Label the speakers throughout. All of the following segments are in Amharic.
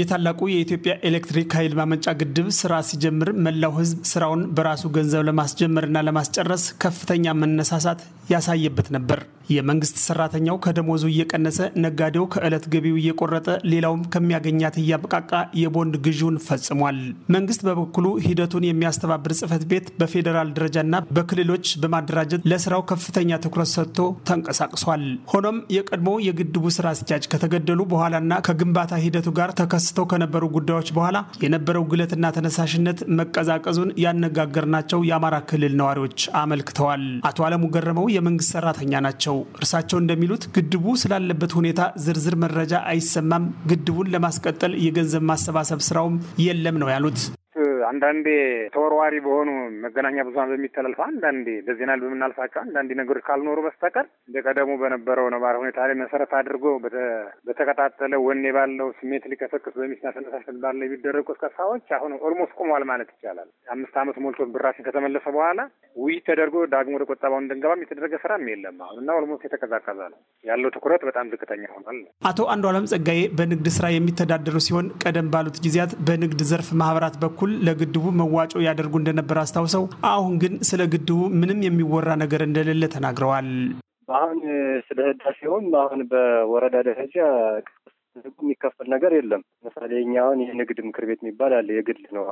Speaker 1: የታላቁ የኢትዮጵያ ኤሌክትሪክ ኃይል ማመንጫ ግድብ ስራ ሲጀምር መላው ሕዝብ ስራውን በራሱ ገንዘብ ለማስጀመርና ለማስጨረስ ከፍተኛ መነሳሳት ያሳየበት ነበር። የመንግስት ሰራተኛው ከደሞዙ እየቀነሰ፣ ነጋዴው ከዕለት ገቢው እየቆረጠ፣ ሌላውም ከሚያገኛት እያበቃቃ የቦንድ ግዢውን ፈጽሟል። መንግስት በበኩሉ ሂደቱን የሚያስተባብር ጽህፈት ቤት በፌዴራል ደረጃና በክልሎች በማደራጀት ለስራው ከፍተኛ ትኩረት ሰጥቶ ተንቀሳቅሷል። ሆኖም የቀድሞ የግድቡ ስራ አስኪያጅ ከተገደሉ በኋላና ከግንባታ ሂደቱ ጋር ተከ ተከስተው ከነበሩ ጉዳዮች በኋላ የነበረው ግለትና ተነሳሽነት መቀዛቀዙን ያነጋገርናቸው የአማራ ክልል ነዋሪዎች አመልክተዋል። አቶ አለሙ ገረመው የመንግስት ሰራተኛ ናቸው። እርሳቸው እንደሚሉት ግድቡ ስላለበት ሁኔታ ዝርዝር መረጃ አይሰማም። ግድቡን ለማስቀጠል የገንዘብ ማሰባሰብ ስራውም የለም ነው ያሉት።
Speaker 2: አንዳንዴ ተወርዋሪ በሆኑ መገናኛ ብዙኃን በሚተላለፉ አንዳንዴ በዜና በምናልፋቸው አንዳንዴ ነገሮች ካልኖሩ በስተቀር እንደ ቀደሙ በነበረው ነባር ሁኔታ ላይ መሰረት አድርጎ በተቀጣጠለ ወኔ ባለው ስሜት ሊቀሰቅስ በሚስና ተነሳሽነት ባለው የሚደረጉ ቅስቀሳዎች አሁን ኦልሞስት ቆመዋል ማለት ይቻላል። አምስት ዓመት ሞልቶ ብራሽን ከተመለሰ በኋላ ውይይት ተደርጎ ዳግሞ ወደ ቆጠባው እንደንገባም የተደረገ ስራም የለም አሁን እና ኦልሞስት የተቀዛቀዛ ነው ያለው ትኩረት በጣም ዝቅተኛ ሆኗል።
Speaker 1: አቶ አንዱ አለም ጸጋዬ በንግድ ስራ የሚተዳደሩ ሲሆን ቀደም ባሉት ጊዜያት በንግድ ዘርፍ ማህበራት በኩል ለግ ግድቡ መዋጮ ያደርጉ እንደነበር አስታውሰው አሁን ግን ስለ ግድቡ ምንም የሚወራ ነገር እንደሌለ ተናግረዋል።
Speaker 2: አሁን ስለ ህዳሴውም አሁን በወረዳ ደረጃ የሚከፈል ነገር የለም። ለምሳሌ እኛ አሁን የንግድ ምክር ቤት የሚባል አለ፣ የግል ነው።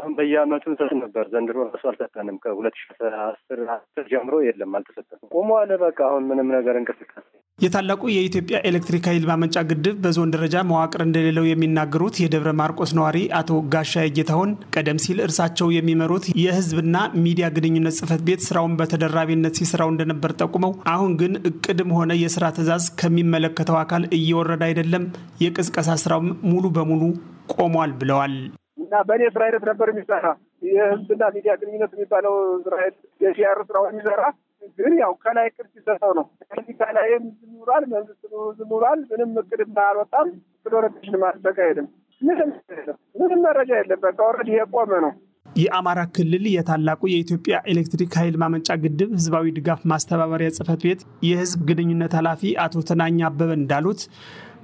Speaker 2: አሁን በየአመቱ እንሰጥ ነበር። ዘንድሮ ራሱ አልሰጠንም። ከሁለት ሺ አስር አስር ጀምሮ የለም፣ አልተሰጠንም። ቆሞ አለ። በቃ አሁን ምንም ነገር
Speaker 1: እንቅስቃሴ የታላቁ የኢትዮጵያ ኤሌክትሪክ ኃይል ማመንጫ ግድብ በዞን ደረጃ መዋቅር እንደሌለው የሚናገሩት የደብረ ማርቆስ ነዋሪ አቶ ጋሻ ጌታሁን ቀደም ሲል እርሳቸው የሚመሩት የሕዝብና ሚዲያ ግንኙነት ጽሕፈት ቤት ስራውን በተደራቢነት ሲሰራው እንደነበር ጠቁመው አሁን ግን እቅድም ሆነ የስራ ትዕዛዝ ከሚመለከተው አካል እየወረደ አይደለም፣ የቅስቀሳ ስራውም ሙሉ በሙሉ ቆሟል ብለዋል።
Speaker 2: እና በእኔ ስራ አይነት ነበር የሚሰራ የሕዝብና ሚዲያ ግንኙነት የሚባለው ስራ የሲያር ስራው የሚሰራ ግን ያው ከላይ ቅር ሲሰጠው ነው። ስለዚህ ከላይም ዝኑራል መንግስት ዝኑራል ምንም እቅድ አልወጣም። ስለወረድሽን ማስበቅ አይልም። ምንም መረጃ የለም። በቃ ወረድ የቆመ ነው።
Speaker 1: የአማራ ክልል የታላቁ የኢትዮጵያ ኤሌክትሪክ ኃይል ማመንጫ ግድብ ህዝባዊ ድጋፍ ማስተባበሪያ ጽህፈት ቤት የህዝብ ግንኙነት ኃላፊ አቶ ተናኛ አበበ እንዳሉት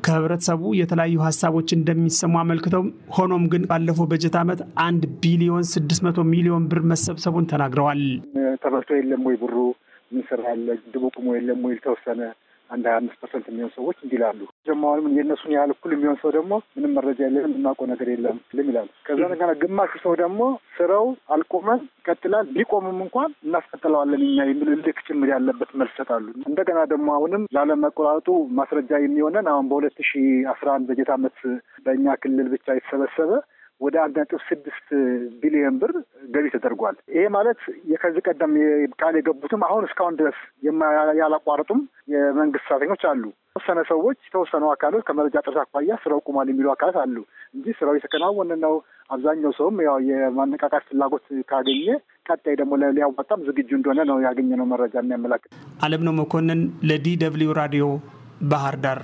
Speaker 1: ከህብረተሰቡ የተለያዩ ሀሳቦች እንደሚሰሙ አመልክተው ሆኖም ግን ባለፈው በጀት ዓመት አንድ ቢሊዮን ስድስት መቶ ሚሊዮን ብር መሰብሰቡን ተናግረዋል።
Speaker 2: ተበርቶ የለም ወይ ብሩ ምን ስራ አለ ግድቡ ቁሞ የለም ወይ ተወሰነ አንድ ሀያ አምስት ፐርሰንት የሚሆን ሰዎች እንዲህ ይላሉ። ጀማዋንም የእነሱን ያህል እኩል የሚሆን ሰው ደግሞ ምንም መረጃ የለንም የምናውቀው ነገር የለም ልም ይላሉ። ከዛ እንደገና ግማሹ ሰው ደግሞ ስራው አልቆመም ይቀጥላል፣ ቢቆምም እንኳን እናስቀጥለዋለን እኛ የሚል ልክ ጭምር ያለበት መልስ ይሰጣሉ። እንደገና ደግሞ አሁንም ላለመቆራረጡ ማስረጃ የሚሆነን አሁን በሁለት ሺ አስራ አንድ በጀት ዓመት በእኛ ክልል ብቻ የተሰበሰበ ወደ አንድ ነጥብ ስድስት ቢሊዮን ብር ገቢ ተደርጓል። ይሄ ማለት ከዚህ ቀደም ቃል የገቡትም አሁን እስካሁን ድረስ ያላቋረጡም የመንግስት ሰራተኞች አሉ። የተወሰነ ሰዎች የተወሰኑ አካሎች ከመረጃ ጥረት አኳያ ስራው ቁሟል የሚሉ አካላት አሉ እንጂ ስራው የተከናወነ ነው። አብዛኛው ሰውም ያው የማነቃቃት ፍላጎት ካገኘ ቀጣይ ደግሞ ሊያዋጣም ዝግጁ እንደሆነ ነው ያገኘነው መረጃ የሚያመላክት።
Speaker 1: አለምነው መኮንን ለዲ ደብልዩ ራዲዮ ባህር ዳር